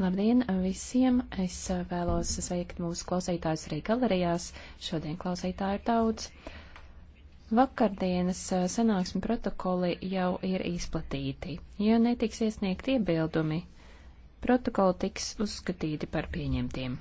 Labdien visiem! Es eh, vēlos sveikt mūsu klausītājus arī galerijās. Šodien klausītāju ir daudz. Vakardienas eh, sanāksmi protokoli jau ir izplatīti. Ja netiks iesniegti iebildumi, protokoli tiks uzskatīti par pieņemtiem.